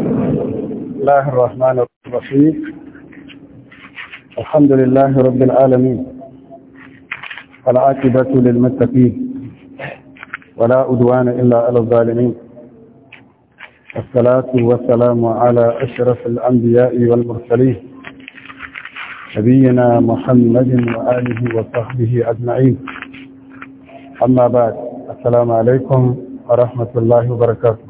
الله الرحمن الرحيم الحمد لله رب العالمين العاقبة للمتقين ولا أدوان إلا على الظالمين الصلاة والسلام على أشرف الأنبياء والمرسلين نبينا محمد وآله وصحبه أجمعين أما بعد السلام عليكم ورحمة الله وبركاته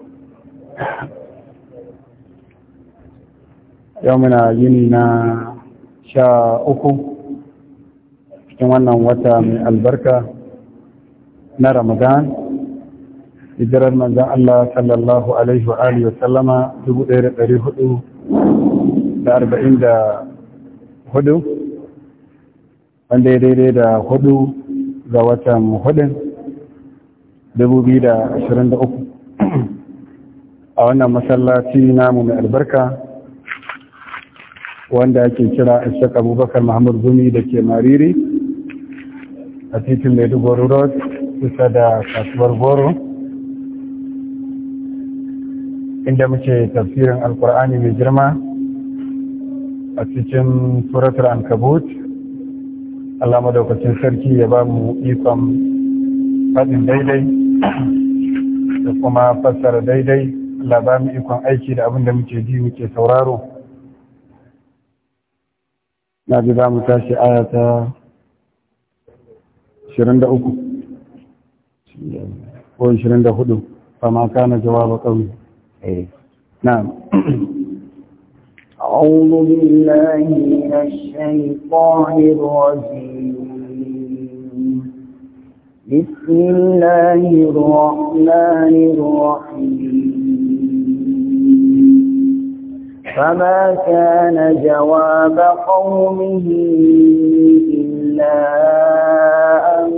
yau muna yini na sha uku cikin wannan wata mai albarka na ramadan idirar manzan Allah sallallahu alaihi wa alihi wasallama 1444 wanda ya daidai da hudu ga watan hudun 2023 a wannan masallaci namu mai albarka wanda ake kira Ishaq Abubakar Muhammad Gumi da ke Mariri a titin Maiduguri Road kusa da kasuwar Goro inda muke tafsirin Alkur'ani mai girma a cikin suratul Ankabut Allah madaukakin sarki ya ba mu ikon faɗin daidai da kuma fassara daidai Allah ba ikon aiki da abin da muke ji muke sauraro na ji za mu tashi aya ta 23 ko 24 ma kana jawaba kawai na'am أعوذ بالله من الشيطان الرجيم بسم الله الرحمن الرحيم فما كان جواب قومه إلا أن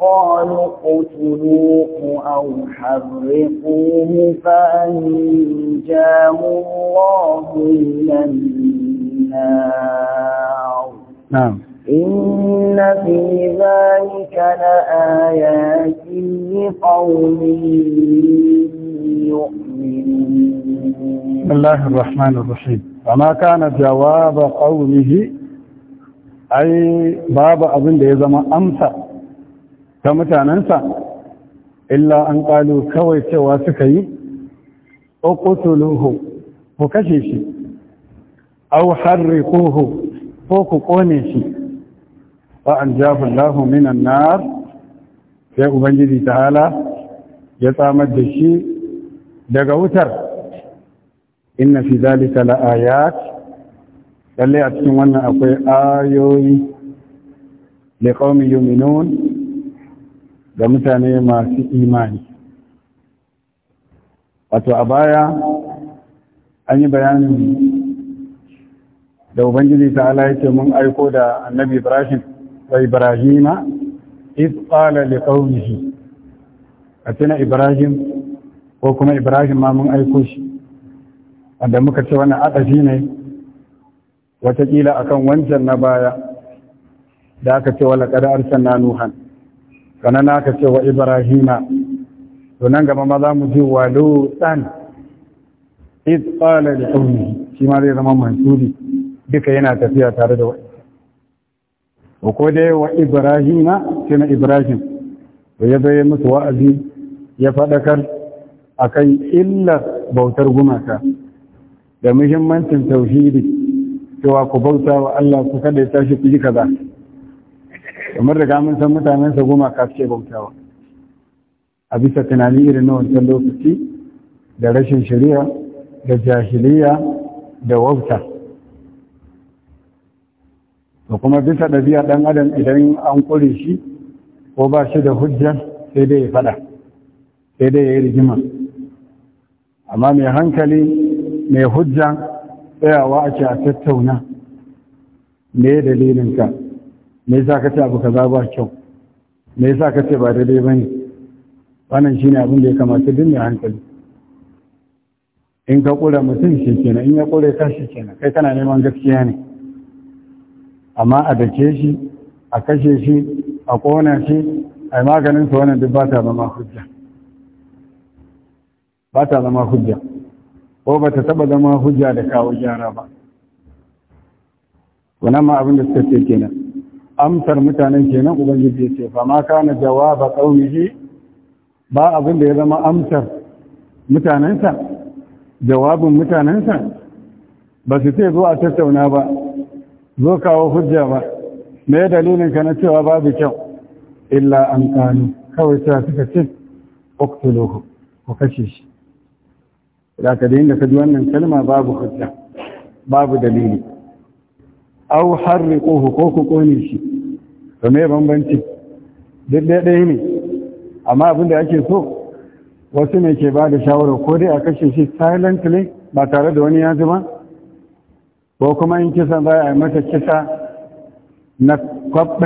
قالوا اقتلوه أو حرقوه فأنجاه الله من النار نعم إن في ذلك لآيات لقوم يؤمنون بسم الله الرحمن الرحيم وما كان جواب قومه أي باب أظن ده زما أمسى كمتاننسى إلا أن قالوا كوي سواسكي سكي اقتلوه وكشيشي أو حرقوه فكقونيشي قونيشي فأنجاه الله من النار يا أبنجي تعالى ya tsamar da shi daga wutar inna fi zalika la'ayat lalle a cikin wannan akwai ayoyi li qaumi yu'minun ga mutane masu imani wato a baya an yi bayanin da ubangiji ta ala yake mun aiko da annabi ibrahim wa ibrahima iz qala li atina ibrahim ko kuma ibrahim ma mun aiko shi wanda muka ce wani adafi ne watakila akan wancan na baya da aka ce wala kada na nuhan kana na aka ce wa ibrahima to nan gaba ma za mu ji wa lutan iz qala li qaumihi shi ma zai zama mansuri duka yana tafiya tare da wa'in ko dai wa ibrahima sai na ibrahim to ya zo musu wa'azi ya faɗakar akan illar bautar gumaka da muhimmancin tauhidi cewa ku bauta wa Allah ku kada ya tashi ku yi kaza kamar da mun san mutanen sa gumaka suke bautawa a bisa tunani irin na wancan lokaci da rashin shari'a da jahiliya da wauta da kuma bisa ɗabi'a ɗan adam idan an ƙuri shi ko ba shi da hujja sai dai ya faɗa sai dai ya yi rigima amma mai hankali mai hujja tsayawa ake a tattauna me dalilinka me sa ka ce abu ka za ba kyau me sa ka ce ba daidai ne, wannan ne abin da ya kamata duk mai hankali in ka kura mutum shi kenan in ya kure ka shi kenan kai kana neman gaskiya ne amma a dake shi a kashe shi a kona shi a maganin sa wannan duk ba ta zama hujja ba ta zama hujja ko ba ta taba zama hujja da kawo gyara ba wannan ma abin da suka ce kenan amsar mutanen kenan ubangiji ce fa ma kana jawaba qaumihi ba abin da ya zama amsar mutanensa jawabin mutanensa ba su ce zo a tattauna ba zo kawo hujja ba me dalilin ka na cewa babu kyau illa an kanu kawai ta suka ce uktuluhu ku kashe shi da ka da ka ji wannan kalma babu hujja babu dalili au harriquhu ko ku kone shi to me bambanci duk ɗaya ne amma abin da ake so wasu ne ke ba da shawara ko dai a kashe shi silently ba tare da wani ya zama ko kuma in kisa ba a mata kisa na kwab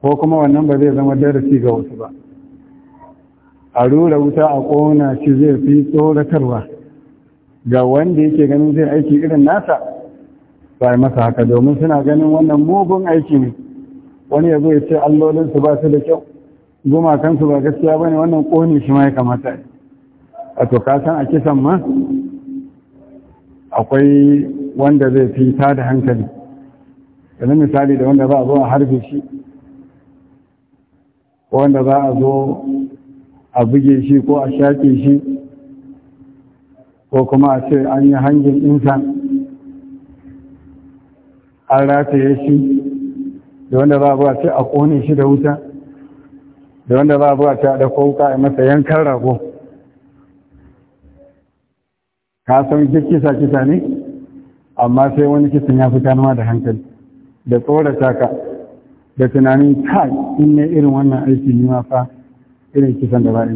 ko kuma wannan ba zai zama darasi ga wasu ba a rura wuta a ƙona shi zai fi tsoratarwa ga wanda yake ganin zai aiki irin nasa ba masa haka domin suna ganin wannan mugun aiki ne wani ya zo ya ce allolinsu ba su da kyau kansu ba gaskiya ba ne wannan ƙone shi ma ya kamata a to san a kisan ma akwai wanda zai fi ta da hankali yanzu misali da wanda za a zo a harbe shi wanda za a zo a buge shi ko a shaƙe shi ko kuma a ce an yi hangin ɗinsa an rataye shi da wanda za a ce a ƙone shi da wuta da wanda za a ce a da kowuka a masa yankan rago ka san kisa kisa ne amma sai wani kisan ya fi kanuwa da hankali da tsorata ka da tunanin kai in irin wannan aiki ne mafa irin kisan da ba a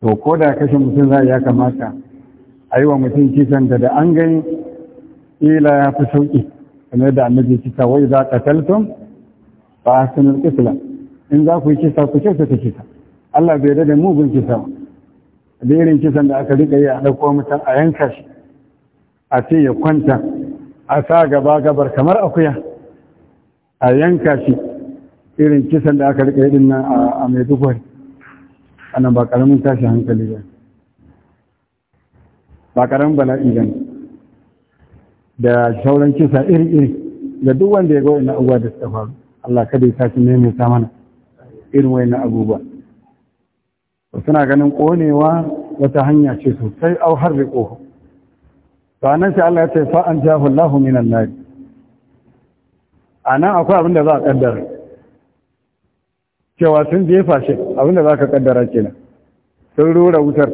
to ko da kashe mutum za ya kamata a yi wa mutum kisan da da an gani ila ya fi sauƙi kamar yadda annabi kisa wai za ka taltum ba a sanar kisla in za ku yi kisa ku kyauta ta kisa Allah bai da mugun kisa ba da irin kisan da aka riƙa yi a ɗauko mutum a yanka shi a ce ya kwanta a sa gaba gabar kamar akuya a yanka shi irin kisan da aka rika yadin nan a maiduguri nan ba ƙaramin tashi hankali ba ba ƙaramin bala'i ba da sauran kisa iri-iri da duk wanda ya ga na abubuwa da suka faru Allah kada ya sake maimaita mana irin na abubuwa suna ganin ƙonewa wata hanya ce sosai au har da Ba nan sai Allah ya ce fa'an jahu Allah minan nari a nan akwai abin da za a kaddara cewa sun jefa shi abin da za ka kaddara nan sun rura wutar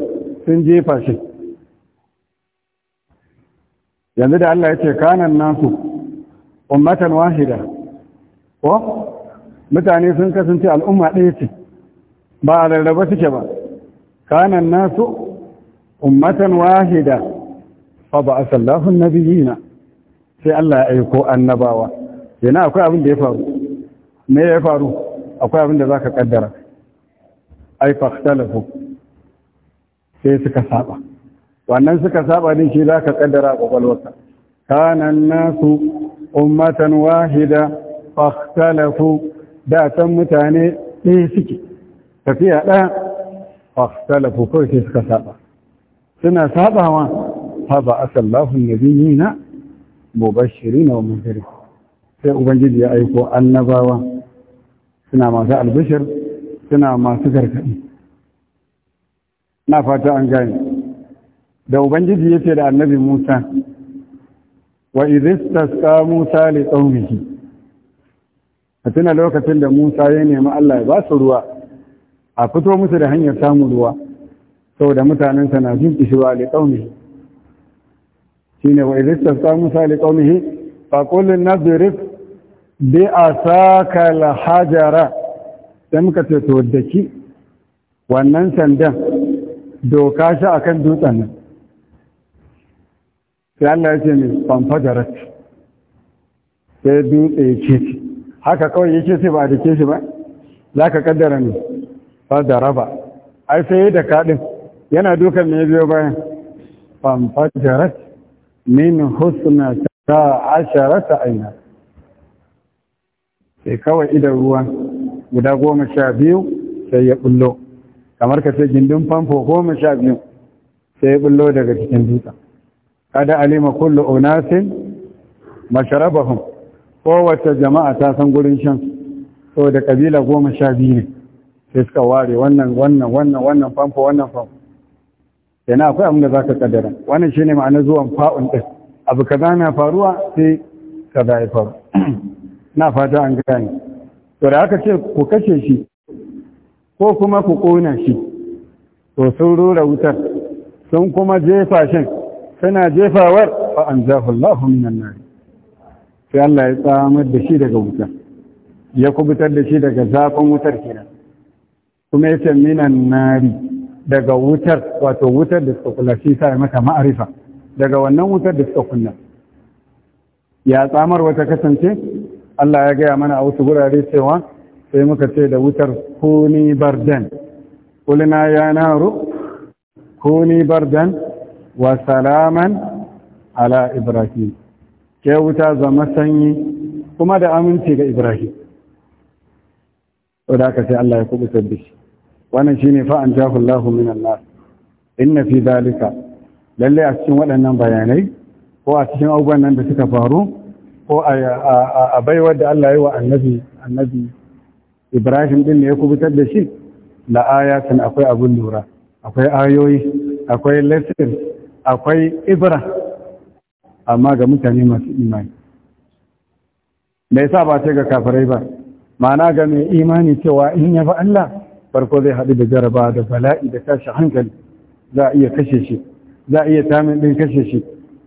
sun jefa shi yanzu da Allah ya ce kanan nasu ummatan wahida ko mutane sun kasance al'umma ɗaya ce ba a rarraba suke ba kanan nasu ummatan wahida fa ba a sallahun nabiyina sai Allah ya aiko annabawa yana akwai abin da ya faru me ya faru akwai abin da za ka kaddara ai fahtalafu sai suka saba wannan suka saba din shi za ka kaddara a kwakwalwarka kanan nasu ummatan wahida fahtalafu da san mutane ɗaya suke tafiya ɗaya fahtalafu kawai sai suka saba suna sabawa haba asallahu nabiyina mubashirin wa munzirin sai ubangiji ya aiko annabawa suna masu albishir suna masu gargaɗi na fata an gane da ubangiji ya ce da annabi musa wa idistasqa musa li qaumihi a tuna lokacin da musa ya nemi allah ya ba su ruwa a fito musu da hanyar samun ruwa saboda mutanensa na jin kishiwa li qaumihi shine wa idistasqa musa li qaumihi fa qul lin nas bi asaka hajara da muka ce to daki wannan sandan doka shi kan dutsen nan sai Allah ya ce ne sai dutse ya ce haka kawai ya ce sai ba da ke shi ba za ka kaddara ne fadara ba ai sai da kaɗin yana dukan ne biyo bayan fanfajarat min husna ta asharata aina sai kawai idan ruwa guda goma sha biyu sai ya bullo kamar ka ce gindin famfo goma sha biyu sai ya bullo daga cikin dutsen kada alima kullu unasin masharabahum kowace jama'a ta san gurin shan so da kabila goma sha biyu ne sai suka ware wannan wannan wannan wannan famfo wannan famfo yana akwai abin da za ka kaddara wannan shine ma'anar zuwan fa'un ɗin abu kaza na faruwa sai kaza ya faru na fata an gane to da aka ce ku kashe shi ko kuma ku ƙona shi to sun rura wutar sun kuma jefa shin suna jefawar fa an zahullahu minan nari sai Allah ya tsamar da shi daga wutar ya kubutar da shi daga zafin wutar kenan kuma ya ce minan nari daga wutar wato wutar da suka kula shi sa mata ma'arifa daga wannan wutar da suka kunna ya tsamar wata kasance Allah ya gaya mana a wasu gurare cewa sai muka ce da wutar kuni bardan kulina ya naru kuni bardan wa salaman ala ibrahim ke wuta zama sanyi kuma da aminci ga ibrahim da aka sai Allah ya kubutar sabbi wannan shine ne fa’an min Allah inna fi zalika Lallai a cikin waɗannan bayanai ko a cikin abubuwan nan da suka faru ko a baiwar da Allah ya wa annabi annabi Ibrahim din ne ya kubutar da shi la ayatin akwai abun lura akwai ayoyi akwai lesson akwai ibra amma ga mutane masu imani me yasa ba ce ga kafirai ba ma'ana ga mai imani cewa in ya Allah farko zai haɗu da jaraba da bala'i da tashi hankali za a iya kashe shi za a iya tamin ɗin kashe shi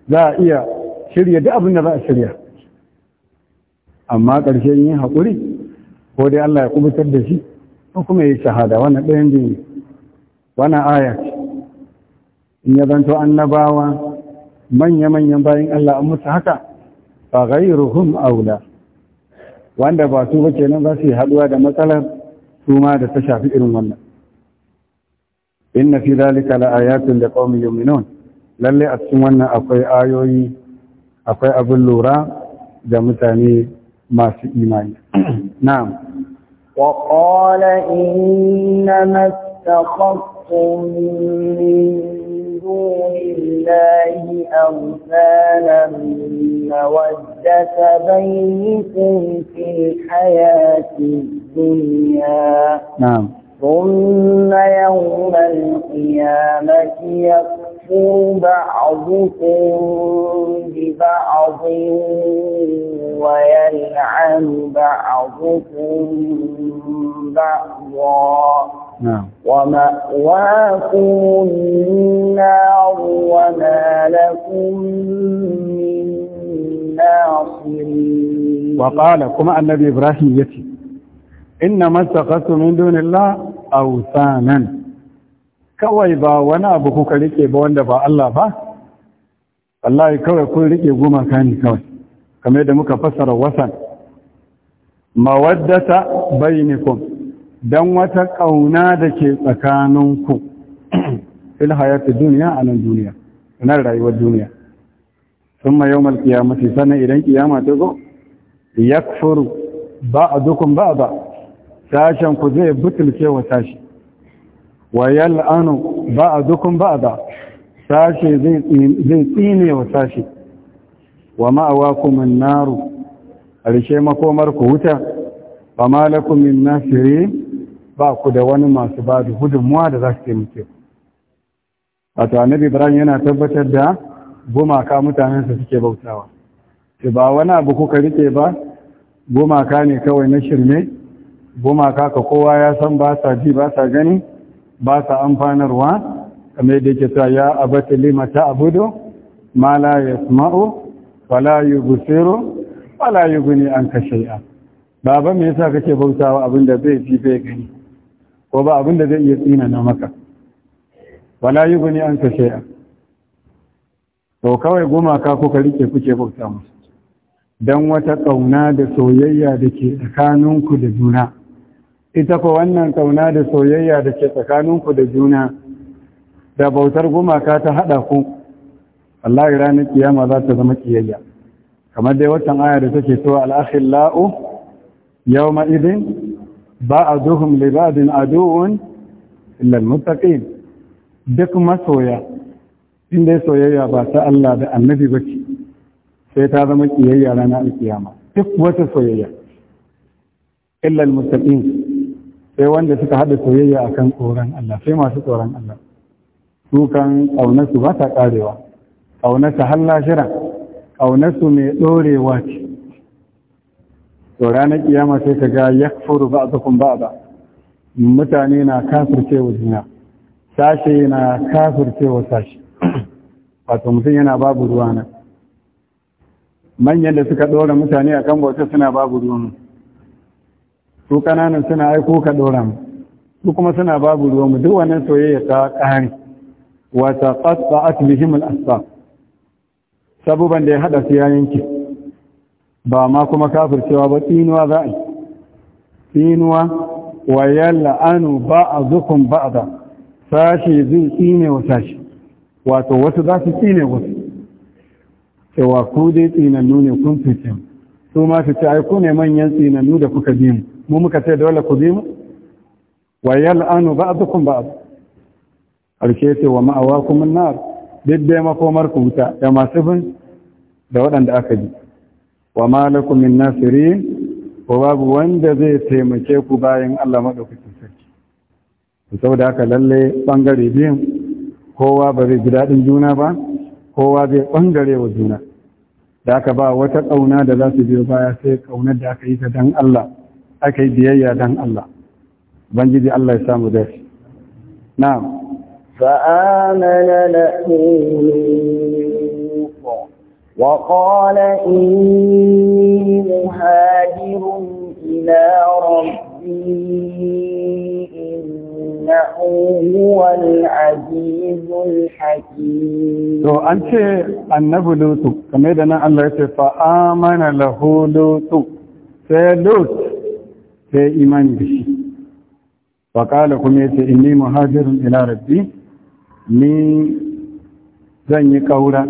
za a iya shirya duk abin da za a shirya amma ƙarshen yin haƙuri ko dai Allah ya kubutar da shi ko kuma ya yi shahada wannan ɗayan biyu wannan aya in ya zanto annabawa manya-manyan bayan Allah an musu haka fa ruhun aula wanda ba su ba kenan za su yi haɗuwa da matsalar su ma da ta shafi irin wannan inna fi zalika da liqaumin yu'minun lalle a cikin wannan akwai ayoyi akwai abin lura da mutane masu نعم وقال إنما qala من دون الله أَوْثَانًا مودة بَيْنِكُمْ فِي الْحَيَاةِ الدُّنْيَا نعم ثم يوم القيامة يكون بعضكم ببعض ويلعن بعضكم بعضا نعم. ومأواكم النار وما لكم من ناصرين وقال كما النبي إبراهيم يتي إنما اتخذتم من دون الله أوثانا kawai ba wani abu kuka rike ba wanda ba Allah ba wallahi kawai kun rike gumaka ne kawai kamar da muka fassara wasan mawaddata kun. dan wata ƙauna da ke tsakaninku fil hayati duniya? a nan duniya nan rayuwar duniya yau malkiya qiyamati sanan idan kiyama ta zo yakfuru ba ba. sashen ku zai butulce wa sashi wa yal'anu ba'dukum ba'da Sashi zai tsine wa sashi wa ma'awakum an arshe makomar ku wuta fa malakum min nasirin ba ku da wani masu ba da gudunmuwa da za su taimake ku wato annabi ibrahim yana tabbatar da gumaka mutanensa suke bautawa ce ba wani abu kuka rike ba gumaka ne kawai na shirme gumaka ka kowa ya san ba sa ji ba sa gani ba sa amfanarwa kamar da yake sa ya abata lima ta abudu ma la yasma'u Wala la yubsiru Wala la an anka shay'a baba me yasa kake bautawa abin da zai ji bai gani ko ba abin da zai iya tsina na maka wala an kashe shay'a to kawai goma ko kuka rike kuke bauta musu dan wata kauna da soyayya da ke tsakaninku da juna ita ko wannan kauna da soyayya da ke tsakaninku da juna da bautar gumaka ta haɗa ku wallahi ranar kiyama za ta zama kiyayya kamar dai watan aya da take to al-akhillau yawma idin ba'aduhum li ba'din adu'un illa al duk masoya inda soyayya ba ta Allah da annabi ba ce sai ta zama kiyayya ranar kiyama duk wata soyayya illa al sai wanda suka hada soyayya a kan tsoron Allah sai masu tsoron Allah Dukan ƙaunarsu ba ta ƙarewa ƙaunarsa halla shira ƙaunarsu mai ɗorewa ce to ranar kiyama sai ka ga ya furu ba zukun ba ba mutane na kafirce wa juna sashe na kafirce wa sashe wato mutum yana babu ruwa nan manyan da suka ɗora mutane akan bauta suna babu ruwa su kananan suna aiko ka ɗora mu su kuma suna babu ruwa mu duk wannan soyayya ta ƙari wata ƙasa a tubihim al'asa sabuban da ya haɗa su yayin ba ma kuma kafircewa ba tsinuwa za a yi tsinuwa wa yalla anu ba a zukun ba a sashi zai tsine wa sashi wato wasu za su tsine wasu cewa ku dai tsinannu ne kun fitin su ma su ce ai ku ne manyan tsinanu da kuka bi mu mu muka ce dole ku bi mu wa yal'anu ba'dukum ba'd arke ce wa ma'awakum an-nar duk makomar ku wuta da masu da waɗanda aka bi wa malakum min nasirin wa babu wanda zai taimake ku bayan Allah madaukakin sarki saboda haka lalle bangare biyun kowa ba zai ji daɗin juna ba kowa zai bangare wa juna da aka ba wata ƙauna da za su biyo baya sai ƙaunar da aka yi ta dan Allah aka yi biyayya dan Allah ubangiji Allah ya samu da shi na فآمن له وقال إني مهاجر إلى ربي to an ce annabi lutu kame da nan Allah ya ce fa amana lahu lutu sai lut sai imani da shi wa kala kuma yace inni muhajirun ila rabbi ni zan yi kaura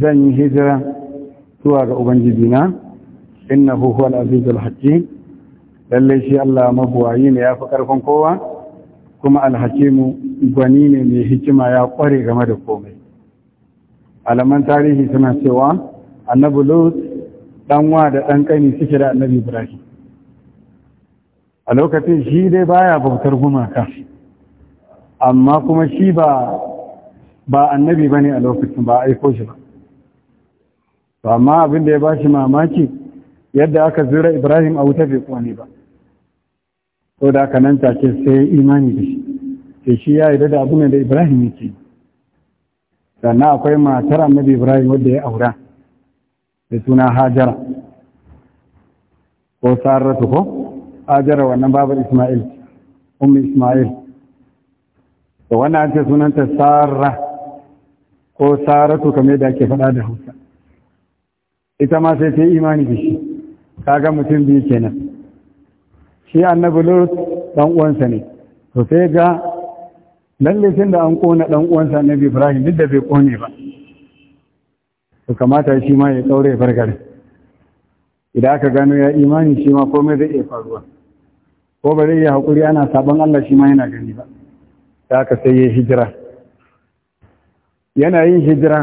zan yi hijira zuwa ga ubangiji na innahu huwal azizul hakim lalle shi Allah mabuwayi ne ya fi karfin kowa kuma alhakimu gwani ne mai hikima ya kware game da komai alaman tarihi suna cewa annabi lut ɗanwa da ɗan ƙani suke da annabi ibrahim a lokacin shi dai baya bautar gumaka amma kuma shi ba ba annabi a lokacin ba aiko shi ba to amma abin da ya bashi mamaki yadda aka zura ibrahim a wuta bai kone ba ko da aka nan take sai imani da shi ke shi ya yi da abin da Ibrahim yake sannan akwai matar annabi Ibrahim wadda ya aura da suna Hajara ko Saratu ko Hajara wannan babar Isma'il ummi Isma'il Da wannan ce sunanta Sarra ko Saratu kamar da ake faɗa da Hausa ita ma sai ta imani da shi kaga mutum biyu kenan shi annabi lut dan uwansa ne to sai ga lalle tun da an kona dan uwansa annabi ibrahim duk da bai kone ba to kamata shi ma ya daure ya farkar idan aka gano ya imani shi ma komai zai iya faruwa ko ba zai yi hakuri ana sabon Allah shi ma yana gani ba da aka sai ya hijira yana yin hijira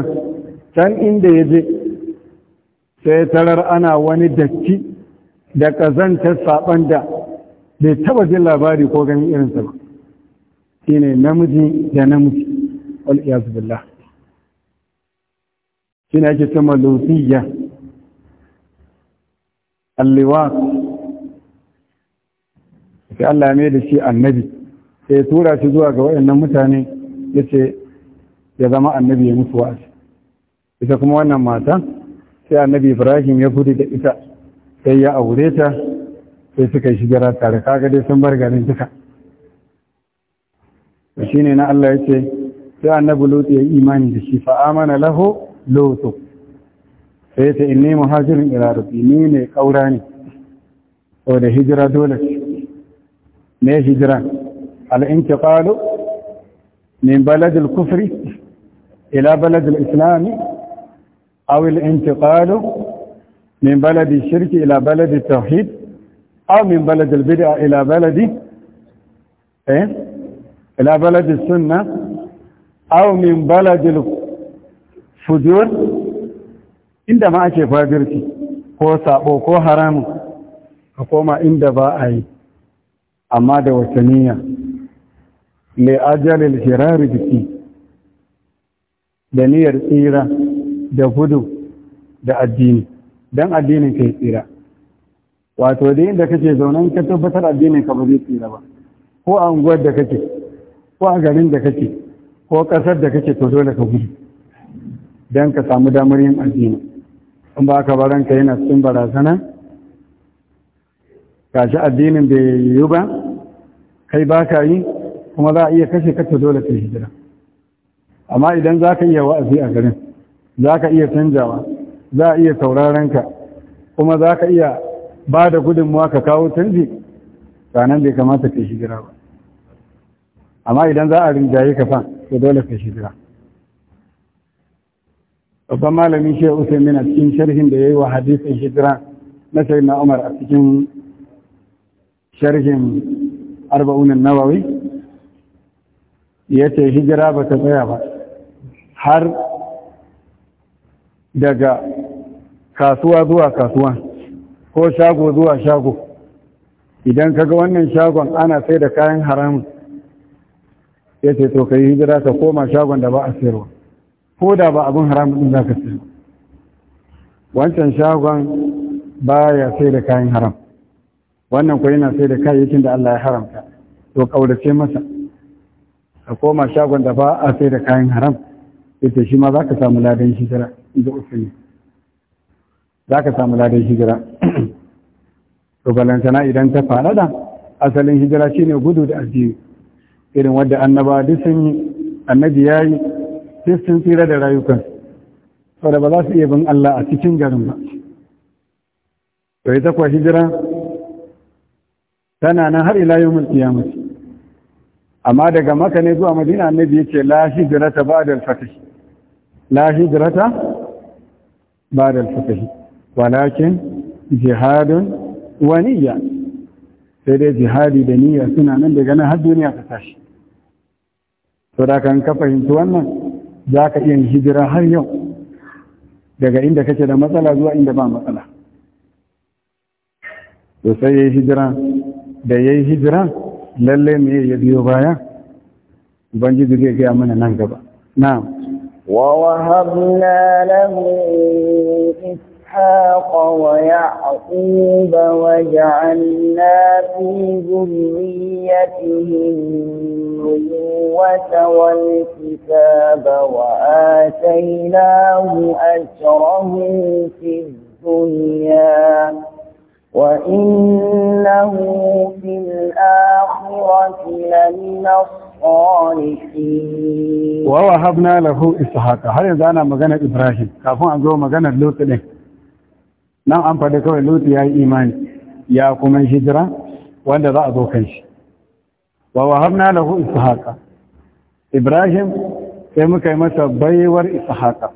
can inda ya je sai tarar ana wani datti da ƙazantar saban da bai taba jin labari ko ganin irinsa ba shi ne namiji da namiji wal'iyazu billah shi ne ake cimma lufiya alliwa sai Allah mai da shi annabi sai ya tura shi zuwa ga waɗannan mutane ya ce ya zama annabi ya mutu ita kuma wannan mata sai annabi ibrahim ya gudu da ita sai ya aure ta sai suka yi shigara tare kaga dai sun bar garin duka shi ne na Allah ya ce sai annabi lutu ya yi imani da shi fa'amana laho lutu sai ta inni muhajirin ila rabbi ni ne kaura ne to da hijira dole ne hijira al-intiqalu min balad al-kufri ila balad al-islam aw al-intiqalu min balad al-shirk ila balad al-tauhid aw min balad al-bid'a ila baladi eh ila balad as-sunnah aw min balad al-fujur inda ma ake fajirci ko saɓo ko haramun, ka koma inda ba a yi amma da wataniya li ajalil hirar biki da niyyar tsira da gudu da addini don addinin kai tsira wato da inda kake zaunan ka tabbatar addinin ka ba zai tsira ba ko a unguwar da kake ko a garin da kake ko ƙasar da kake to dole ka gudu don ka samu damar yin addini in ba ka baran ka yana cikin barazana gashi addinin bai yi ba kai ba ka yi kuma za a iya kashe ka to dole ka hijira amma idan za ka iya wa'azi a garin za ka iya canjawa za a iya sauraron ka kuma za ka iya ba da gudunmuwa ka kawo canji nan bai kamata ka shigira ba amma idan za a rinjaye ka fa to dole ka shigira babban malami shi usai mina cikin sharhin da ya yi wa hadisin hijira na sayi na umar a cikin sharhin arba'unan nawawi ya ce hijira ba ta tsaya ba har daga kasuwa zuwa kasuwa ko shago zuwa shago idan kaga wannan shagon ana sai da kayan haramun ya ce to ka yi hijira ka koma shagon da ba a sayarwa ko da ba abin haramun din za ka sayar wancan shagon ba ya sai da kayan haram wannan ko yana sai da kayayyakin da Allah ya haramta to kaurace masa ka koma shagon da ba a sai da kayan haram ita shi ma za ka samu ladan hijira da usuli za ka samu ladan hijira to balantana idan ta faɗaɗa asalin hijira shine gudu da addini irin wadda annaba duk sun yi annabi ya yi duk sun tsira da rayukan saboda ba za su iya bin Allah a cikin garin ba to ita kuwa hijira tana nan har ila yawmul qiyamah amma daga maka ne zuwa madina annabi yace la hijrata ba'da al-fath la hijrata ba'da al walakin jihadun waniya sai dai jihadi da niyya suna nan daga nan har duniya ta tashi to da kan ka fahimci wannan za ka iya hijira har yau daga inda kake da matsala zuwa inda ba matsala to sai yi hijira da yayi hijira lalle me ya biyo baya ubangiji zai gaya mana nan gaba na'am wa lahu إسحاق ويعقوب وجعلنا في ذريته النبوة والكتاب وآتيناه أجره في الدنيا وإنه في الآخرة لمن الصالحين ووهبنا له إسحاق هل يزعنا مغنى إبراهيم كافون أنزو مغنى لوط nan an faɗi kawai lutu ya yi imani ya kuma hijira wanda za a zo kan shi wa wahabna lahu ishaqa ibrahim sai muka yi masa baiwar ishaqa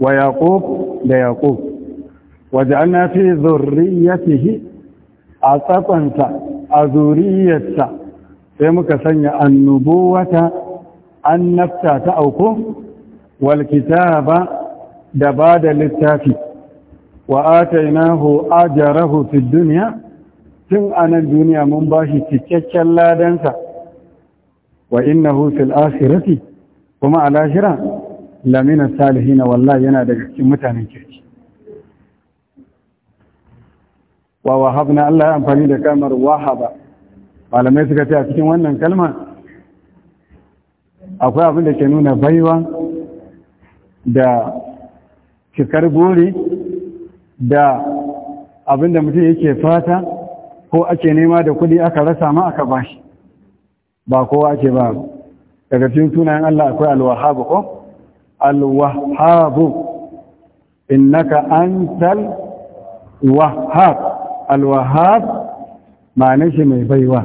wa yaqub da yaqub wa ja'alna fi zurriyyatihi a tsakonsa a sai muka sanya annubuwata annabta ta auku wal kitaba da ba da littafi wa atainahu ajrahu fid dunya tun anan duniya mun bashi cikakken ladansa wa innahu fil akhirati kuma al akhirah lamina salihin wallahi yana daga cikin mutanen kirki wa wahabna Allah ya amfani da kalmar wahaba malamai suka ce a cikin wannan kalma akwai abin da ke nuna baiwa da cikar buri da abinda mutum yake fata ko ake nema da kudi aka rasa ma aka bashi ba kowa ake ba daga cikin sunayen Allah akwai alwahabu ko alwahabu innaka antal wahab alwahab ma'anar shi mai baiwa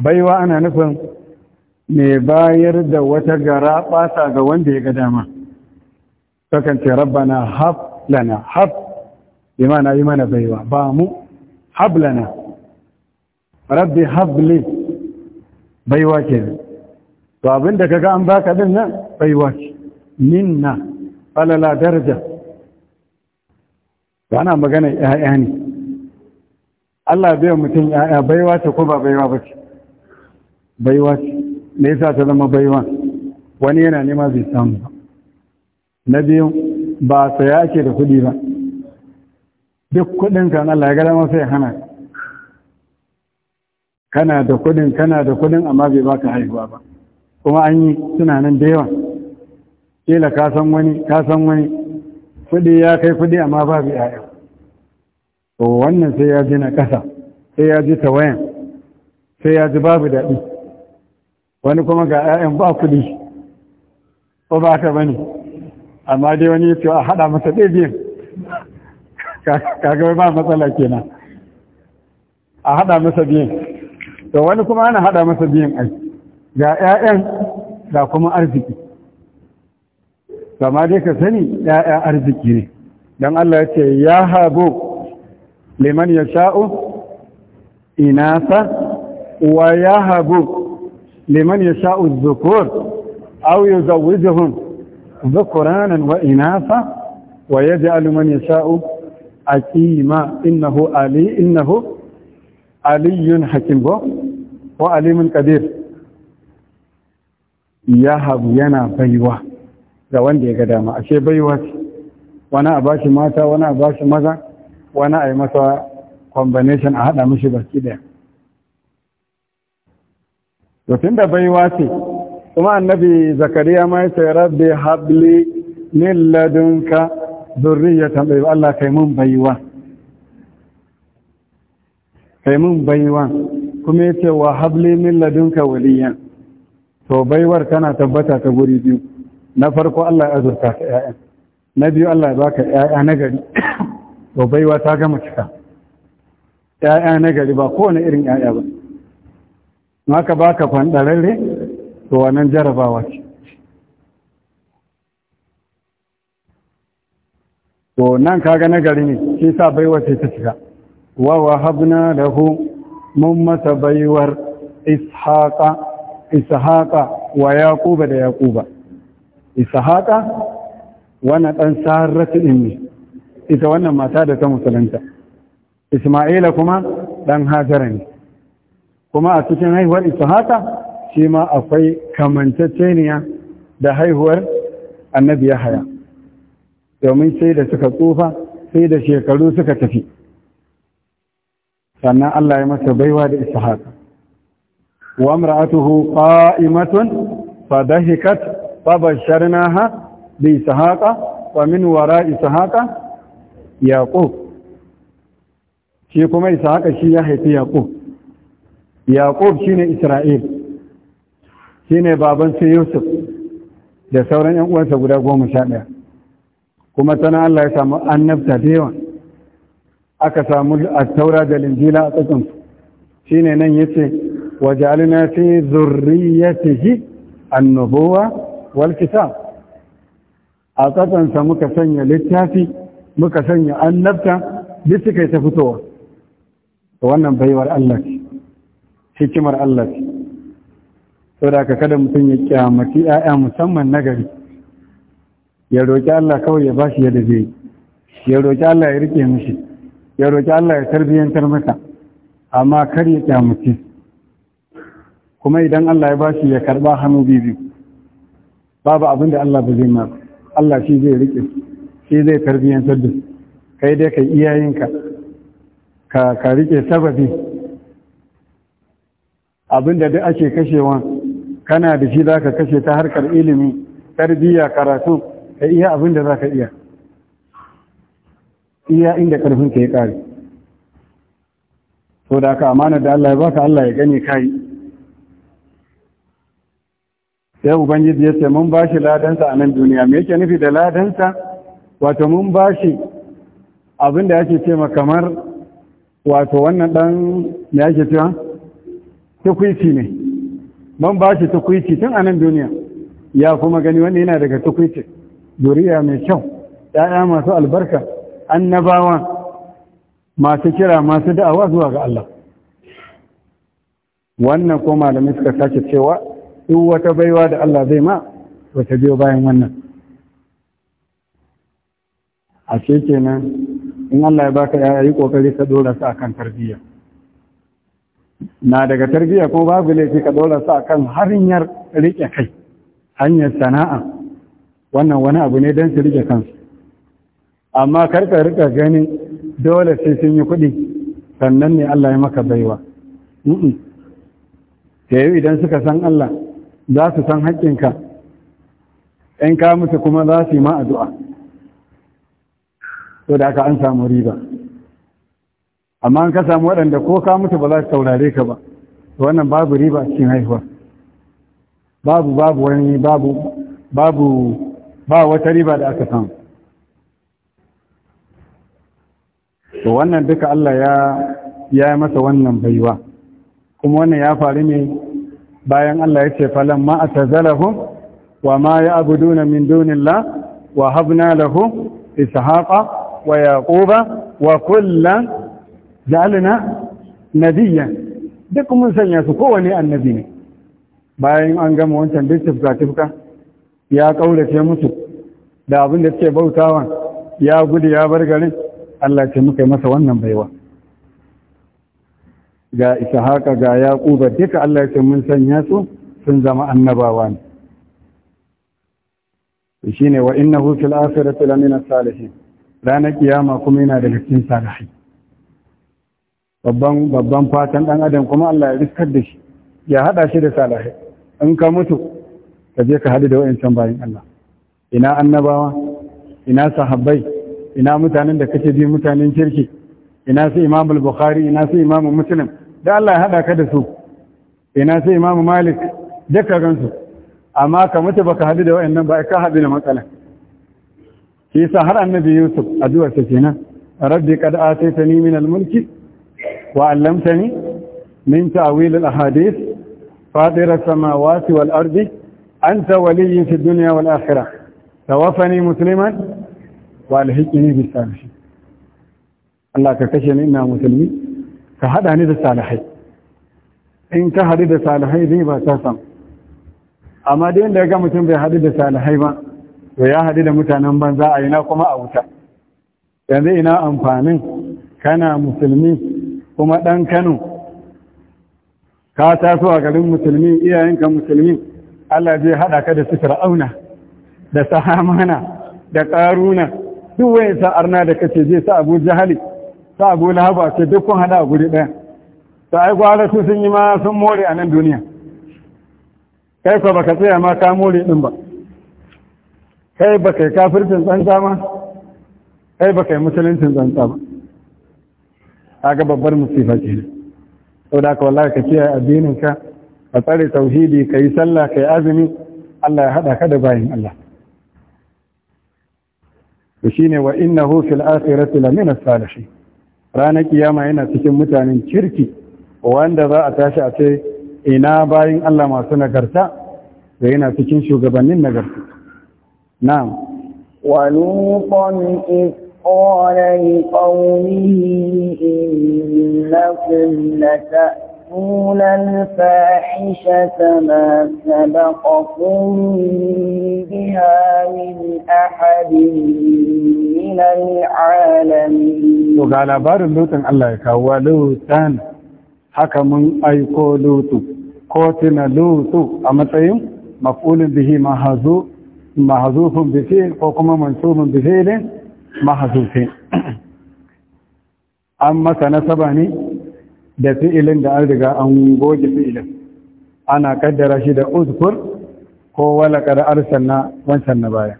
baiwa ana nufin mai bayar da wata gara ɓata ga wanda ya ga dama kakance rabbana hab lana hab bimana na yi mana baiwa ba mu hablana rabbi habli baiwa kenan to abin da kaga an baka din nan baiwa ce minna falala daraja ba na magana ‘ya'ya ne Allah bai mutum ‘ya'ya baiwa ce ko ba baiwa ba ce baiwa ce me yasa ta zama baiwa wani yana nema bai samu ba na biyu ba saya ake da kuɗi ba duk kudin kan Allah ya gada ma sai hana kana da kudin kana da kudin amma bai baka haihuwa ba kuma an yi suna nan da yawa kila ka san wani ka san wani kudi ya kai kudi amma ba bi ayyau to wannan sai ya ji na kasa sai ya ji tawayan sai ya ji babu daɗi wani kuma ga 'ya'yan ba kudi ko ba ka bane amma dai wani yake a haɗa masa ɗaya biyan kaga ba matsala kenan a hada masa biyan to wani kuma ana hada masa biyan ai ga ƴaƴan ga kuma arziki kamar dai ka sani ƴaƴa arziki ne dan Allah ya ce ya habu liman yasha'u inasa wa ya habu liman yasha'u dhukur aw yuzawwijuhum dhukuranan wa inasa wa yaj'alu man yasha'u akima innahu ali innahu aliyun hakim bo wa alimun qadir ya habu yana baiwa ga wanda ya ga dama ashe baiwa wani a bashi mata wani a bashi maza wani a yi masa combination a haɗa mishi baki ɗaya to da baiwa ce kuma annabi zakariya ma ya rabbi habli min ladunka zurriyatan ɗaya Allah kai mun baiwa kai mun baiwa kuma yace ce wa habli min ladunka waliya to baiwar tana tabbata ta guri biyu na farko Allah ya azurta ka ƴaƴa na biyu Allah ya baka ƴaƴa na gari to baiwa ta gama cika ƴaƴa na gari ba kowane irin ƴaƴa ba maka baka fandararre to wannan jarabawa ce to nan kaga na gari ne shi sa baiwa sai ta shiga wa wahabna lahu mun masa baiwar ishaqa ishaqa wa yaquba da yaquba ishaqa wannan dan sarratu din ne ita wannan mata da ta musulunta isma'ila kuma dan hajara ne kuma a cikin haihuwar ishaqa shi ma akwai kamanceceniya da haihuwar annabi yahaya domin sai da suka tsufa sai da shekaru suka tafi sannan Allah ya masa baiwa da ishaq wa imra'atuhu qa'imatun fadahikat da bi ishaq wa min isa ishaq yaqub shi kuma ishaq shi ya haifi yaqub yaqub shine isra'il shine baban sai yusuf da sauran yan uwansa guda goma sha ɗaya kuma sana Allah ya samu annabta da yawa aka samu taura da linjila a tsakin shi ne nan ya ce wa jalina fi zurriyatihi annubuwa wal kitab a tsakansa muka sanya littafi muka sanya annabta duk suka ta fitowa wannan baiwar Allah ce hikimar Allah ce saboda ka kada mutum ya kyamaci 'ya'ya musamman nagari ya roƙi Allah kawai ya shi yadda zai ya roƙi Allah ya rike mishi ya roƙi Allah ya tarbiyyantar mata amma kar ya kyamuce kuma idan Allah ya shi ya karɓa hannu bibi babu abin da Allah ba zai ma Allah shi zai rike shi zai tarbiyyantar da kai dai kai iyayenka ka ka rike sababi abin da duk ake kashewa kana da shi zaka kashe ta harkar ilimi tarbiyya karatu ka iya abin da za ka iya iya inda ƙarfin ka ya ƙari, so da aka amana da Allah ya baka Allah ya gane kayi sai ubangiji ya ce mun bashi ladansa a nan duniya me yake nufi da ladansa wato mun bashi abin da yake ce kamar wato wannan dan me yake cewa tukwici ne mun bashi tukwici tun a nan duniya ya kuma gani wannan yana daga tukwicin zuriya mai kyau ‘ya'ya masu albarka annabawa masu kira masu da'awa zuwa ga Allah wannan ko malamai suka sake cewa in wata baiwa da Allah zai ma wata biyo bayan wannan a ce kenan in Allah ya baka ‘ya'ya yi ƙoƙari ka dora su akan tarbiyya na daga tarbiyya ko babu laifi ka dora su akan yar riƙe kai hanyar sana'a wannan wani abu ne don su rike kansu amma karka rika ganin dole sai sun yi kuɗi sannan ne Allah ya maka baiwa ta yi idan suka san Allah za su san haƙƙinka in ka mutu kuma za su yi ma addu'a so da aka an samu riba amma an ka samu waɗanda ko ka mutu ba za su taurare ka ba wannan babu riba cikin haihuwa babu babu wani babu ba wata riba da aka samu to wannan duka Allah ya ya masa wannan baiwa kuma wannan ya faru ne bayan Allah ya ce falan ma atazalahum wa ma ya'buduna min dunillah wa habna lahu ishaqa wa yaquba wa kullan ja'alna nabiyya duk mun sanya su kowane annabi ne bayan an gama wancan duk tifka tifka ya ƙaurace musu da abin da suke bautawa ya gudu ya bar garin Allah ce muka yi masa wannan baiwa ga isa haka ga ya ƙuba duka Allah ce mun sanya su sun zama annabawa ne ne wa innahu fil akhirati lamina salihin ranar kiyama kuma yana da cikin salihai babban fatan ɗan adam kuma Allah ya riskar da shi ya haɗa shi da salihai in ka mutu ka je ka hadu da wayancan bayin Allah ina annabawa ina sahabbai ina mutanen da kake bi mutanen kirki ina su Imam bukhari ina su Imam Muslim da Allah ya haɗa ka da su ina su Imam Malik duka gansu amma ka mutu baka hadu da wayannan ba ka haɗu da matsala shi yasa har annabi Yusuf addu'ar sa kenan rabbi qad ataytani min al-mulki wa 'allamtani min ta'wil al-ahadith fatir as-samawati wal-ardi أنت ولي في الدنيا والآخرة توفني مسلما والحقني بالصالحين Allah ka kashe ni ina musulmi ka hada ni da salihai in ka hadu da salihai zai ba ta sam amma dai inda ga mutum bai hadu da salihai ba to ya hadu da mutanen banza a ina kuma a wuta yanzu ina amfanin kana musulmi kuma ɗan Kano ka taso a garin musulmi iyayenka musulmi Allah zai haɗa ka da su fir'auna da sahamana da ƙaruna duk wayan sa'arna da kace zai sa abu jahali sa abu lahaba ce duk kun haɗa a guri ɗaya ta ai gwara su sun yi ma sun more a nan duniya kai ko baka tsaya ma ka more ɗin ba kai baka yi kafircin tsantsa ma kai baka yi musuluncin tsantsa ba kaga babbar musifa kenan saboda ka wallahi ka kiyaye addinin ka ka tsare tauhidi ka yi sallah ka yi azumi Allah ya haɗa ka da bayin Allah to shine wa innahu fil akhirati lamina salihin ranar kiyama yana cikin mutanen kirki wanda za a tashi a ce ina bayan Allah masu nagarta da yana cikin shugabannin nagarta na'am wa lutan iz qala innakum lata'tun تقول الفاحشة ما سبقكم بها من أحد من العالمين وقال بار اللوت ان الله يكوى لوتان حكا من ايكو لوت قوتنا لوت اما تيم مفعول به محذوف محذوف بفعل وكما منصوب بفعل محذوفين أما سنسبني da fi'ilin da an riga an goge fi'ilin ana kaddara shi da uzkur ko wala kada na wancan na baya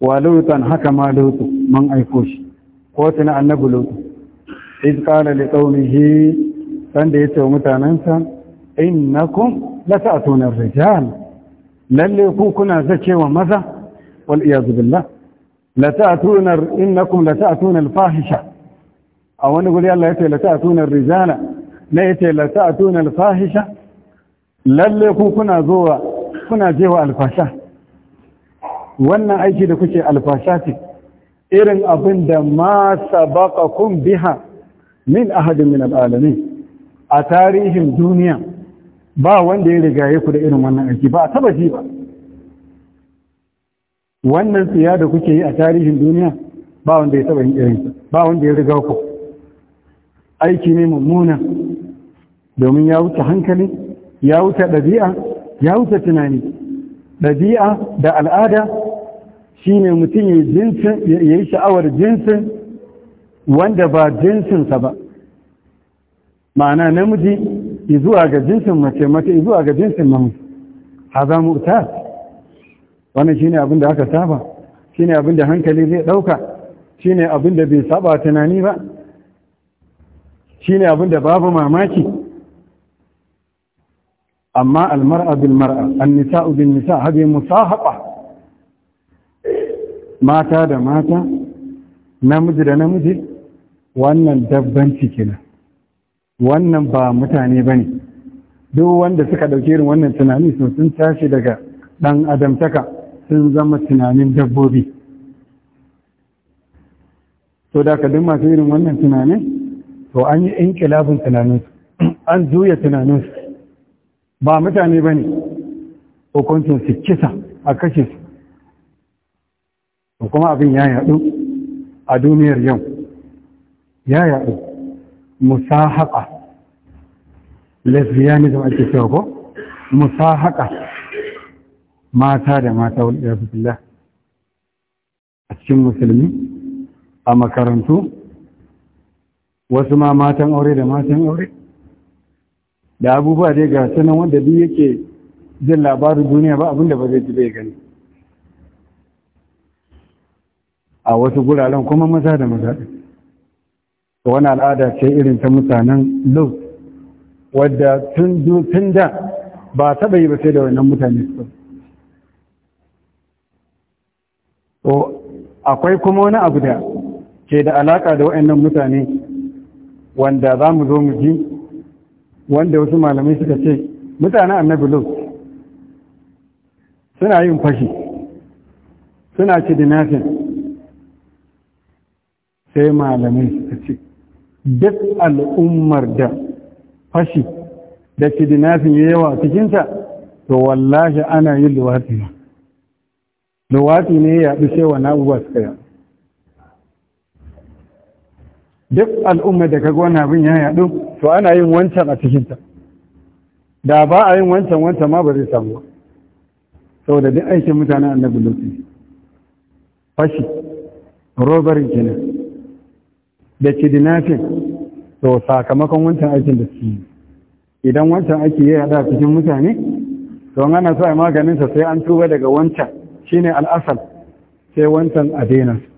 wa lutan haka ma lutu man aiko shi ko tuna annabu lutu iz qala li sanda ya ce wa mutanensa mutanansa innakum a ar-rijal lalle ku kuna wa maza wal In billah kun lasa a tunar fahisha a wani guri Allah ya ce la ta'tuna rijala na ya ce la ta'tuna al-fahisha lalle ku kuna zowa kuna jewa alfasha wannan aiki da kuke alfasha ce irin abin da ma sabaqakum biha min ahadin min al-alamin a tarihin duniya ba wanda ya rigaye ku da irin wannan aiki ba a taba ji ba wannan tsiya da kuke yi a tarihin duniya ba wanda ya taba yin irin ba wanda ya riga ku aiki ne mummuna domin ya wuce hankali ya wuce ɗabi'a ya wuce tunani ɗabi'a da al'ada shine mutum ya yi sha'awar jinsin wanda ba jinsinsa ba ma'ana namiji zuwa ga jinsin mace mace zuwa ga jinsin A za mu ta wannan shine abin da aka saba shine abin da hankali zai ɗauka? shine abin da bai saba tunani ba shine abin da babu mamaki amma almar'a bil mar'a annisa'u bin nisa hadi musahaba mata da mata namiji da namiji wannan dabbanci kenan wannan ba mutane bane duk wanda suka dauke irin wannan tunani sun tashi daga dan adamtaka sun zama tunanin dabbobi to da ka duk masu irin wannan tunanin to an yi inkilabin tunaninsu an juya tunaninsu ba mutane ba ne hukuncin su kisa a kashe su kuma abin ya yaɗu a duniyar yau ya yaɗu haƙa. lesbianism ake cewa ko haƙa mata da mata wadda ya fi a cikin musulmi a makarantu wasu ma matan aure da matan aure da abubuwa dai ga sanan wanda duk yake jin labarin duniya ba abinda ba zai ji bai gani a wasu guraren kuma maza da maza da wani al'ada ce irin ta mutanen lau wadda tun da ba taɓa yi ba sai da wannan mutane su akwai kuma wani abu da ke da alaƙa da wa'annan mutane wanda za mu zo mu ji wanda wasu malamai suka ce mutanen annabi lot suna yin fashi suna ci dinafin sai malamai suka ce duk al'ummar da fashi da ci dinafin yawa cikinta to wallahi ana yin luwati luwatsi ne ya fi shewa na na'uwa suka yi. duk al'ummar da kaga wani abin ya yaɗu to ana yin wancan a cikinta da ba a yin wancan wancan ma ba zai samu ba saboda duk aikin mutanen annabi lutsi fashi robarin kenan da kidnapping to sakamakon wancan aikin da su idan wancan aiki ya yaɗa cikin mutane to ana so a maganinsa sai an tuba daga wancan shine al'asal sai wancan a daina su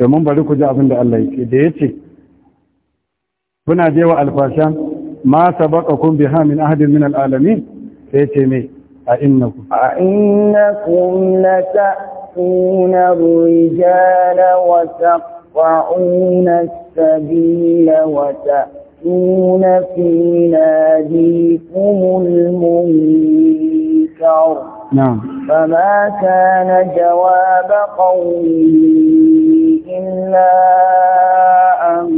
domin bari ku ji abin da Allah yake da yace kuna je wa alfashan, ma sabaqakum biha min ahadin min alalamin sai ce me a innakum a innakum la ta'tuna rijala wa taqta'una as-sabila wa ta'tuna fi nadikum al نعم فما كان جواب قومه إلا أن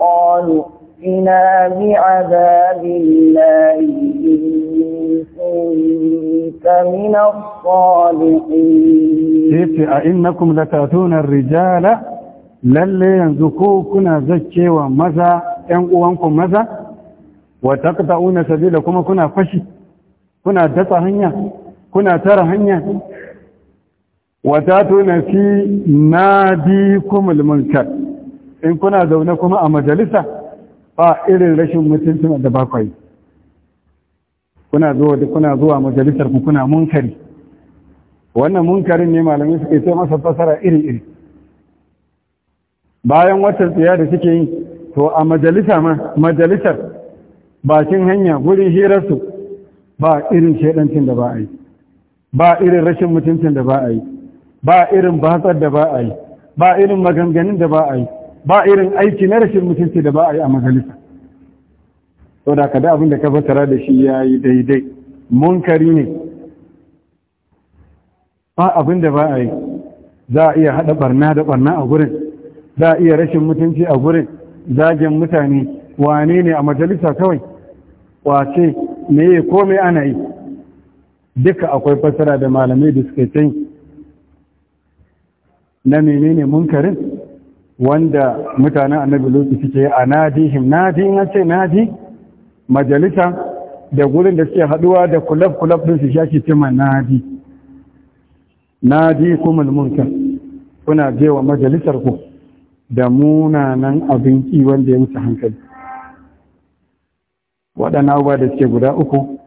قالوا إنا بعذاب الله إن كنت من الصالحين إذ أئنكم لتأتون الرجال للي كنا زكي ومزا ينقوانكم مزا وتقطعون سبيلكم كنا فشي كنا دتا هنيا كنا ترى هنيا wata tuna fi nadi kuma limunkar in kuna zaune kuma a majalisa ba irin rashin mutuncin da ba kuna zuwa da kuna zuwa majalisar ku kuna munkari wannan munkarin ne malamai suke ce masa fasara iri-iri bayan wata tsaya da suke yi to a majalisa ma majalisar bakin hanya guri hirarsu ba irin shaidancin da ba a yi ba irin rashin mutuncin da ba a yi ba irin batsar da ba a yi ba irin maganganun da ba a yi ba irin aiki na rashin mutunci da ba a yi a majalisa so da kada abin da ka fasara da shi ya yi daidai munkari ne ba abin da ba a yi za a iya haɗa barna da barna a gurin za a iya rashin mutunci a gurin zagin mutane wane ne a majalisa kawai Wace, me ko me ana yi duka akwai fasara da malamai da suke yi na menene munkarin wanda mutanen annabi lutsi suke a nadihim nadi in ce nadi majalisa da gurin da suke haduwa da kulaf-kulaf din su shaki cima nadi nadi kuma munkar kuna je wa majalisar ku da munanan abin ki wanda ya wuce hankali waɗannan abubuwa da suke guda uku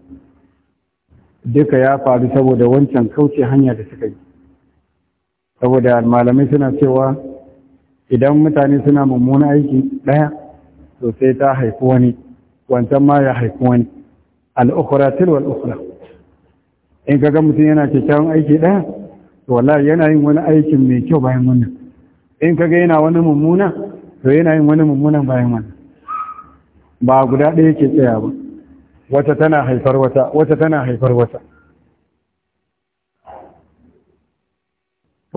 duka ya faru saboda wancan kauce hanya da suka yi saboda malamai suna cewa idan mutane suna mummuna aiki ɗaya to sai ta haifi wani wancan ma ya haifi wani al'ukura tilwal ukura in ga mutum yana kyakkyawan aiki ɗaya to wallahi yana yin wani aikin mai kyau bayan wannan in kaga yana wani mummuna to yana yin wani mummunan bayan wannan ba guda ɗaya ke tsaya ba wata tana haifar wata wata tana haifar wata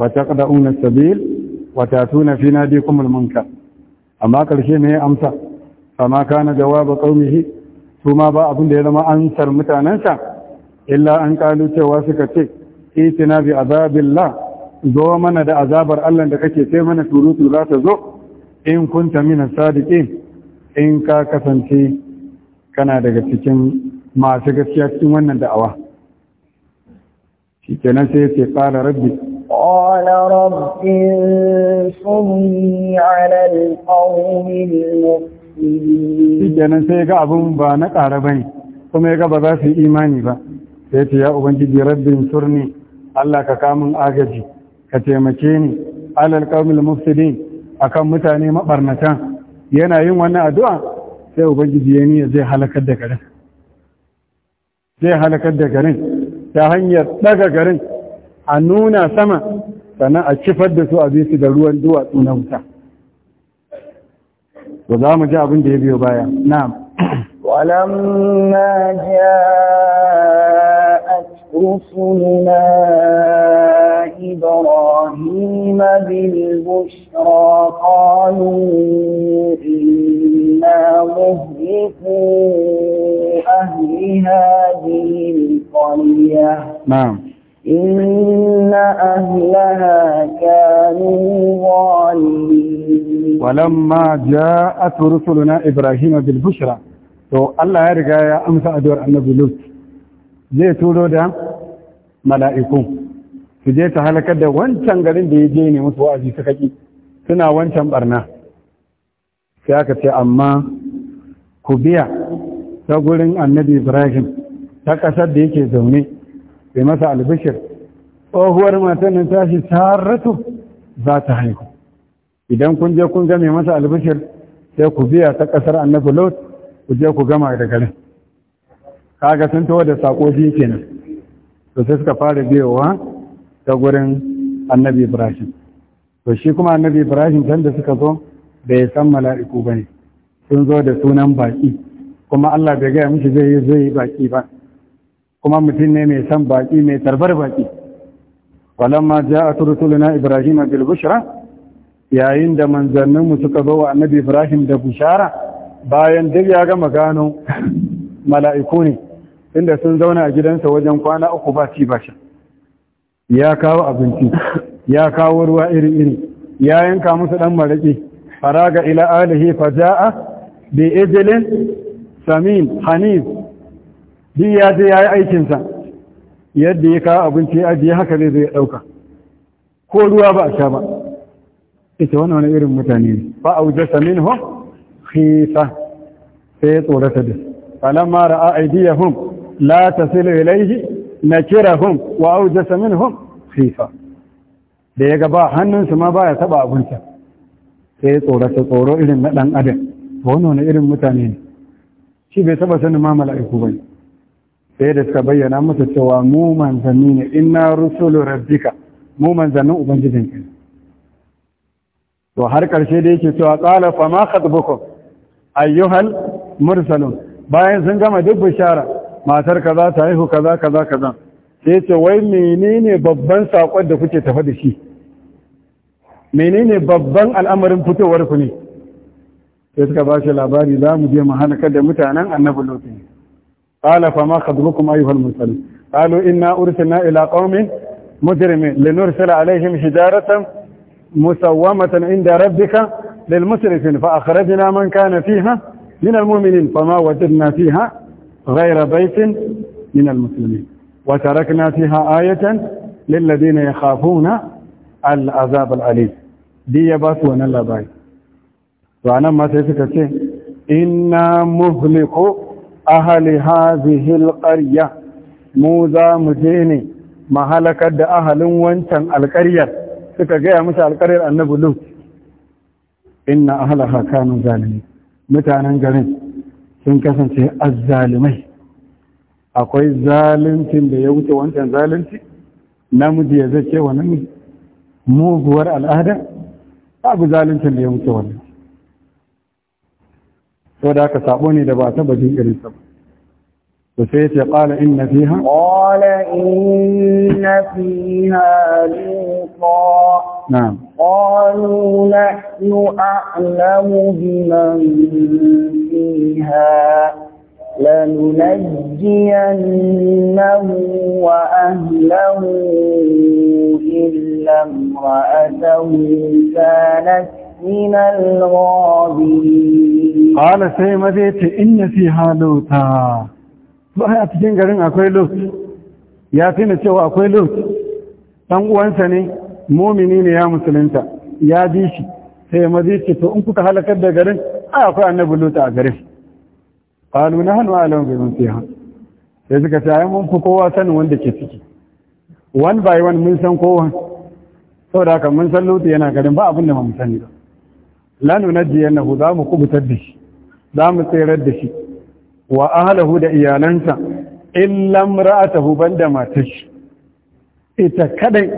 وتقدعون السبيل وتاتون في ناديكم المنكر اما ƙarshe ne ya amsa amma kana jawabu qaumihi kuma ba abin ya zama amsar mutanensa? illa an kalu cewa suka ce itina bi azabillah zo mana da azabar Allah da kake sai mana surutu za ta zo in kunta min sadiqin in ka kasance kana daga cikin masu gaskiya cikin wannan da'awa shikenan sai ya ce rabbi قال رب انصرني على القوم المفسدين kenan sai ga abun ba na ƙara bane kuma ga ba za su yi imani ba sai ce ya ubangiji rabbin surni Allah ka kamun agaji ka taimake ni alal qaumil mufsidin akan mutane mabarnatan yana yin wannan addu'a sai ubangiji ya niyya zai halakar da garin zai halakar da garin ta hanyar daga garin a nuna sama sana a cifar da su a bisu da ruwan duwatsu na wuta ba za mu ji abin da ya biyo baya na'am walamma ja'at rusuluna إبراهيم بالبشرى قالوا inna مهلكوا ahli هذه القرية na'am إن أهلها كانوا ظالمين ولما جاءت رسلنا إبراهيم بالبشرى to Allah ya riga ya amsa addu'ar annabi Lut zai turo da mala'iku su je ta halakar da wancan garin da ya je ne musu wa'azi suka ki suna wancan barna sai aka ce amma ku biya ta gurin annabi Ibrahim ta ƙasar da yake zaune bai masa albishir tsohuwar matan nan tashi taratu za ta haihu idan kun je kun ga masa albishir sai ku biya ta kasar annabi lot ku je ku gama da garin kaga sun tawo da sako biyu kenan to sai suka fara biyowa ta gurin annabi ibrahim to shi kuma annabi ibrahim can da suka zo bai san mala'iku ne sun zo da sunan baƙi kuma Allah bai gaya mishi zai yi zai baki ba kuma mutum ne mai san baƙi mai tarbar baki falamma ja'at na Ibrahim bil bushra yayin da manzanninmu suka zo wa annabi ibrahim da bushara bayan duk ya gama gano mala'iku ne inda sun zauna a gidansa wajen kwana uku ba ci ba ya kawo abinci ya kawo ruwa iri-iri ya yanka musu dan maraƙi faraga ila alihi faja'a bi ijlin samin hanif duk ya je ya yi aikinsa yadda ya kawo abinci ya biya haka zai zai ɗauka ko ruwa ba a sha ba ita wani wani irin mutane ne ba a wujar samin ho khisa sai ya tsorata da falan mara a aidiya hun la ta silo ilaihi na kira hun wa a wujar samin hun khisa da ya gaba hannunsu ma ba ya taɓa abinci sai ya tsorata tsoro irin na ɗan adam ba wani wani irin mutane ne shi bai taɓa sanin ma mala'iku ba ne sai da suka bayyana masa cewa mu manzanni ne inna rusulu rabbika mu manzannin ubangijin ka to har karshe da yake cewa qala fa ma khatbukum ayyuhal mursalun bayan sun gama duk bishara matar kaza ta haihu kaza kaza kaza sai ce wai menene babban sakon da kuke tafa da shi menene babban al'amarin fitowar ku ne sai suka ba shi labari za mu je mu halaka da mutanen annabi lokaci قال فما خطبكم أيها المرسلين قالوا إنا أرسلنا إلى قوم مجرمين لنرسل عليهم حجارة مسومة عند ربك للمسرفين فأخرجنا من كان فيها من المؤمنين فما وجدنا فيها غير بيت من المسلمين وتركنا فيها آية للذين يخافون العذاب الأليم دي وانا ونلا باي وأنا ما سيفك الشيء إنا مهلقوا ahali hazihil ƙarya mu za mu je ne mahalakar da ahalin wancan alƙaryar suka gaya musu alƙaryar annabi lut inna ahalaha kanu zalimi mutanen garin sun kasance azzalimai akwai zaluncin da ya wuce wancan zalunci namiji ya zace wa namiji muguwar al'ada babu zaluncin da ya wuce wannan وذاك صابوني دبا تبا جين قرين سبا وسيت قال إن فيها قال إن فيها لوطا نعم قالوا نحن أعلم بمن فيها لننجينه وأهله إلا امرأته كانت من الغابرين قال سيما ذيت إن فيها لوتا بأي أتجين قرن أكوي لوت ياتينا cewa akwai lut Ɗan uwansa ne mumini ne ya musulunta ya bi shi sai mazi ce to in kuka halakar da garin a akwai annabi lut a garin qalu nahnu a'lamu biman ha? sai suka ce mun fi kowa sanin wanda ke ciki one by one mun san kowa saboda haka mun san lutu yana garin ba abin da ba mu sani ba la nunajjiyannahu za mu kubutar da shi za mu tsirar da shi wa ahlahu da iyalansa illa ra'atahu banda matar shi ita kadai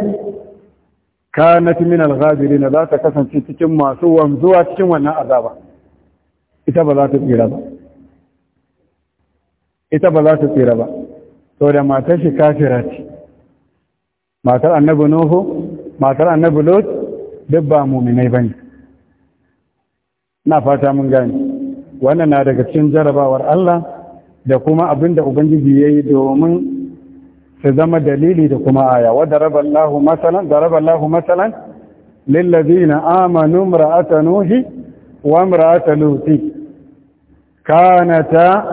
kanat min al-ghabirin za ta kasance cikin masu wanzuwa cikin wannan azaba ita ba za ta tsira ba ita ba za ta tsira ba to da matar shi kafira ce matar annabi nuhu matar annabi lot duk ba muminai bane na fata mun gani wannan na daga cikin jarabawar Allah da kuma abin da ubangiji ya yi domin su zama dalili da kuma aya wadda raballahu matsalan da matsalan lillazina amanu mra'ata nuhi wa mra'ata luti kanata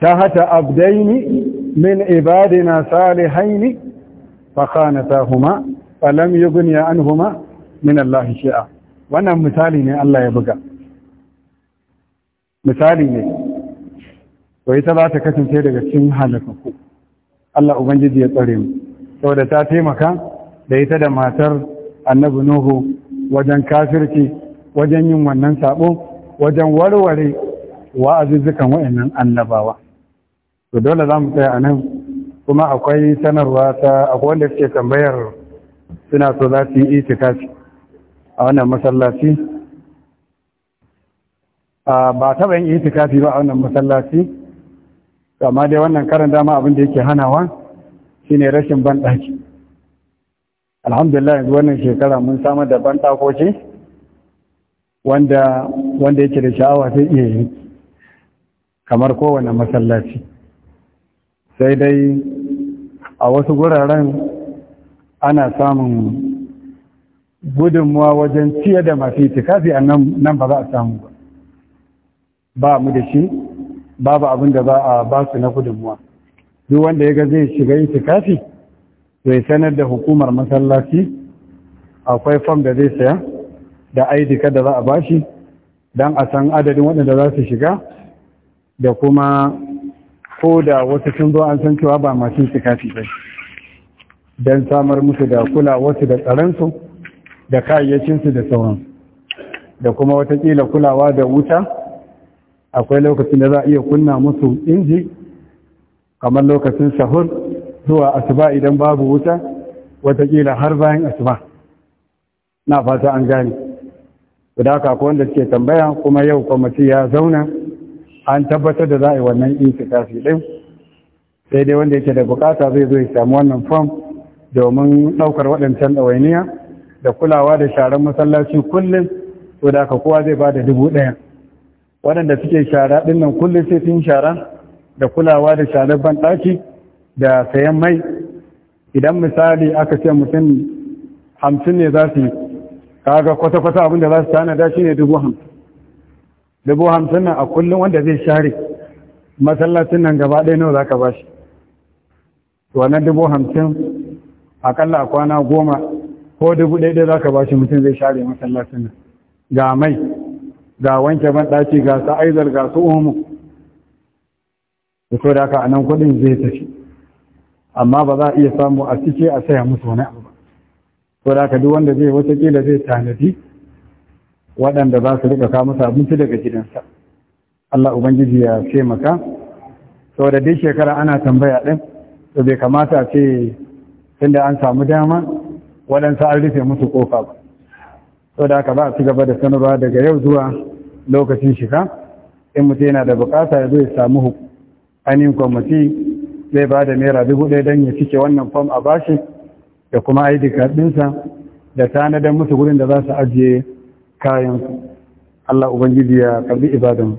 tahta abdaini min ibadina salihaini fa khanatahuma falam yughniya anhuma min Allah shay'a wannan misali ne Allah ya buga misali ne to ita za ta kasance daga cikin halakaku Allah ubangiji ya tsare mu saboda ta taimaka da ita da matar annabi nuhu wajen kafirci wajen yin wannan sabo wajen warware wa'azuzzukan wa'annan annabawa to dole za mu tsaya a nan kuma akwai sanarwa ta akwai wanda suke tambayar suna so za su yi itikafi a wannan masallaci ba taɓa yin itikafi ba a wannan masallaci amma dai wannan karin dama abin da yake hanawa shine rashin banɗaki alhamdulillah yanzu wannan shekara mun samar da banɗakoci wanda wanda yake da sha'awa sai iya yi kamar kowane masallaci sai dai a wasu guraren ana samun gudunmuwa wajen ciye da masu itikafi a nan ba za a samu ba ba mu da shi babu abin da za a ba su na gudunmuwa duk wanda ya ga zai shiga itikafi to zai sanar da hukumar masallaci akwai fam da zai saya da aidika da za a bashi don a san adadin waɗanda za su shiga da kuma ko da wasu sun zo an san cewa ba masu itikafi ba don samar musu da kula wasu da tsaransu da kayayyacinsu da sauransu da kuma watakila kulawa da wuta akwai lokacin da za a iya kunna musu inji kamar lokacin sahur zuwa asuba idan babu wuta watakila har bayan asuba na fata an gane da haka wanda suke tambaya kuma yau kwamiti ya zauna an tabbatar da za a yi wannan intikafi ɗin sai dai wanda yake da bukata zai zo ya samu wannan fom domin ɗaukar waɗancan ɗawainiya da kulawa da sharan masallaci kullum to da haka kowa zai bada dubu ɗaya waɗanda suke shara ɗin nan kullum sai sun shara da kulawa da ban banɗaki da sayan mai idan misali aka ce mutum hamsin ne za su yi kaga kwata-kwata abinda za su da shi ne dubu hamsin dubu hamsin nan a kullum wanda zai share masallacin nan gaba ɗaya nawa za ka ba shi wannan dubu hamsin akalla a kwana goma ko dubu ɗaya za ka ba shi mutum zai share masallacin nan ga mai ga wanke banɗaki ga su aizal ga su umu da so da a nan kuɗin zai tafi amma ba za a iya samu a cike a saya musu wani abu ba so da duk wanda zai wata kila zai tanadi waɗanda za su riƙa kawo musu abinci daga gidansa Allah Ubangiji ya taimaka So da duk shekara ana tambaya ɗin to bai kamata ce tunda an samu dama waɗansu an rufe musu ƙofa ba so da aka ba ci gaba da sanarwa daga yau zuwa lokacin shiga in mutum yana da bukata ya zo ya samu ainihin kwamiti zai ba da naira dubu ɗaya don ya cike wannan fom a bashi da kuma aidi karɗinsa da tanadar musu gurin da za su ajiye kayan Allah Ubangiji ya karbi ibadan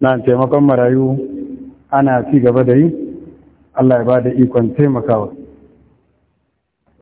na taimakon marayu ana ci gaba da yi Allah ya ba da ikon taimakawa